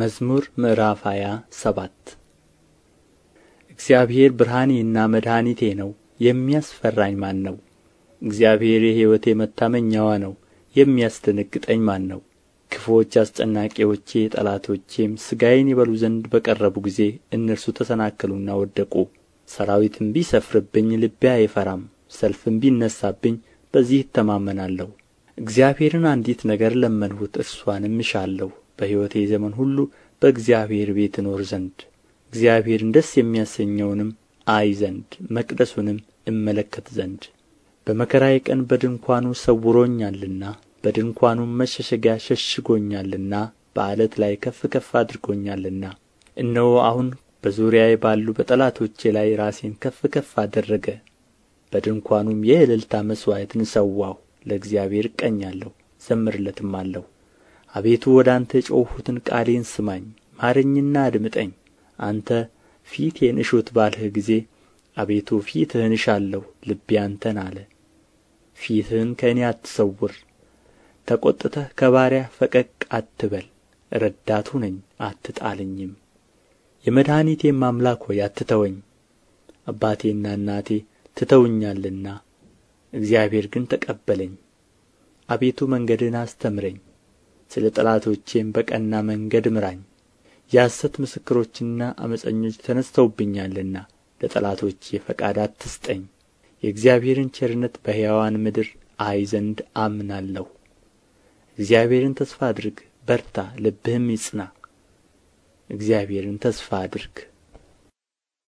መዝሙር ምዕራፍ ሃያ ሰባት እግዚአብሔር ብርሃኔና መድኃኒቴ ነው፣ የሚያስፈራኝ ማን ነው? እግዚአብሔር የሕይወቴ መታመኛዋ ነው፣ የሚያስደነግጠኝ ማን ነው? ክፉዎች አስጨናቂዎቼ፣ ጠላቶቼም ሥጋዬን ይበሉ ዘንድ በቀረቡ ጊዜ እነርሱ ተሰናከሉና ወደቁ። ሰራዊትም ቢሰፍርብኝ ልቤ አይፈራም፣ ሰልፍም ቢነሣብኝ በዚህ እተማመናለሁ። እግዚአብሔርን አንዲት ነገር ለመንሁት፣ እርሷንም እሻለሁ በሕይወቴ ዘመን ሁሉ በእግዚአብሔር ቤት እኖር ዘንድ እግዚአብሔርን ደስ የሚያሰኘውንም አይ ዘንድ መቅደሱንም እመለከት ዘንድ በመከራዬ ቀን በድንኳኑ ሰውሮኛልና በድንኳኑም መሸሸጊያ ሸሽጎኛልና በዓለት ላይ ከፍ ከፍ አድርጎኛልና እነሆ አሁን በዙሪያዬ ባሉ በጠላቶቼ ላይ ራሴን ከፍ ከፍ አደረገ በድንኳኑም የእልልታ መሥዋዕትን ሰዋሁ ለእግዚአብሔር እቀኛለሁ ዘምርለትም አለሁ አቤቱ ወደ አንተ የጮኽሁትን ቃሌን ስማኝ ማረኝና አድምጠኝ አንተ ፊቴን እሹት ባልህ ጊዜ አቤቱ ፊትህን እሻለሁ ልቤ አንተን አለ ፊትህን ከእኔ አትሰውር ተቈጥተህ ከባሪያ ፈቀቅ አትበል ረዳት ሁነኝ አትጣለኝም የመድኃኒቴም አምላክ ሆይ አትተወኝ አባቴና እናቴ ትተውኛልና እግዚአብሔር ግን ተቀበለኝ አቤቱ መንገድህን አስተምረኝ ስለ ጠላቶቼም በቀና መንገድ ምራኝ የሐሰት ምስክሮችና ዓመፀኞች ተነሥተውብኛልና ለጠላቶቼ ፈቃድ አትስጠኝ የእግዚአብሔርን ቸርነት በሕያዋን ምድር አይ ዘንድ አምናለሁ እግዚአብሔርን ተስፋ አድርግ በርታ ልብህም ይጽና እግዚአብሔርን ተስፋ አድርግ